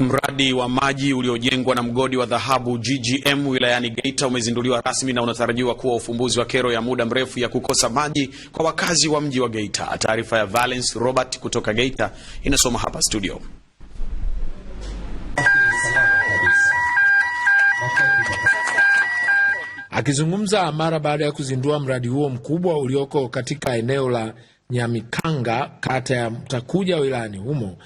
Mradi wa maji uliojengwa na mgodi wa dhahabu GGM wilayani Geita umezinduliwa rasmi na unatarajiwa kuwa ufumbuzi wa kero ya muda mrefu ya kukosa maji kwa wakazi wa mji wa Geita. Taarifa ya Valence Robert kutoka Geita inasoma hapa studio. Akizungumza mara baada ya kuzindua mradi huo mkubwa ulioko katika eneo la Nyamikanga, kata ya Mtakuja wilayani humo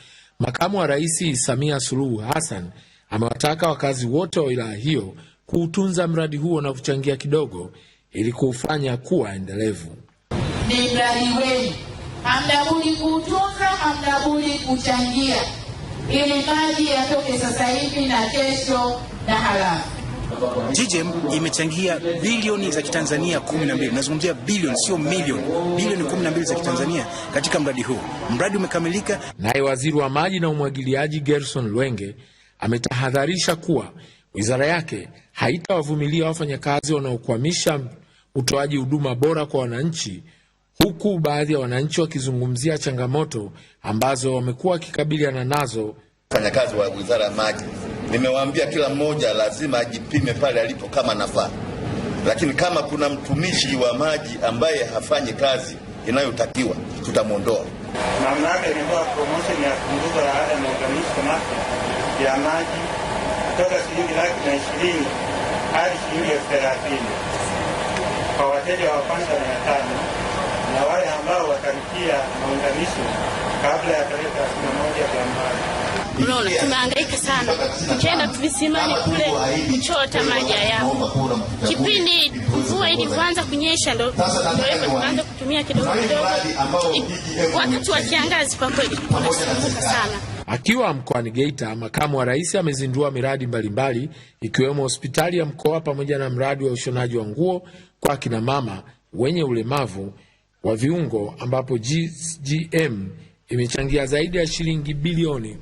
Makamu wa Rais Samia Suluhu Hassan amewataka wakazi wote wa wilaya hiyo kuutunza mradi huo na kuchangia kidogo ili kuufanya kuwa endelevu. Ni mradi wenu, hamna kuutunza, hamna kuchangia ili maji yatoke sasa hivi na kesho na halafu GGM imechangia bilioni za Kitanzania 12. Nazungumzia bilioni, sio milioni, bilioni 12 za Kitanzania katika mradi huu. Mradi umekamilika. Naye waziri wa maji na umwagiliaji Gerson Lwenge ametahadharisha kuwa wizara yake haitawavumilia wafanyakazi wanaokwamisha utoaji huduma bora kwa wananchi, huku baadhi ya wananchi wakizungumzia changamoto ambazo wamekuwa wakikabiliana nazo. Wafanyakazi wa wizara ya maji Nimewaambia kila mmoja lazima ajipime pale alipo kama nafaa, lakini kama kuna mtumishi wa maji ambaye hafanyi kazi inayotakiwa tutamwondoa. Mamlaka imetoa promotion ya punguzo la ada na uganisho mapya ya maji kutoka shilingi laki na ishirini hadi shilingi elfu thelathini kwa wateja wa kwanza mia tano na wale ambao watalipia maunganisho kabla ya tarehe 31 ya Unaona, tumehangaika sana ukienda visimani kule kuchota maji yao. Kipindi mvua ilivyoanza kunyesha, ndo ndio tukaanza kutumia kidogo kidogo. Wakati wa kiangazi kwa kweli tunasumbuka sana. Akiwa mkoani Geita, makamu wa rais amezindua miradi mbalimbali ikiwemo hospitali ya mkoa pamoja na mradi wa ushonaji wa nguo kwa akina mama wenye ulemavu wa viungo ambapo GGM imechangia zaidi ya shilingi bilioni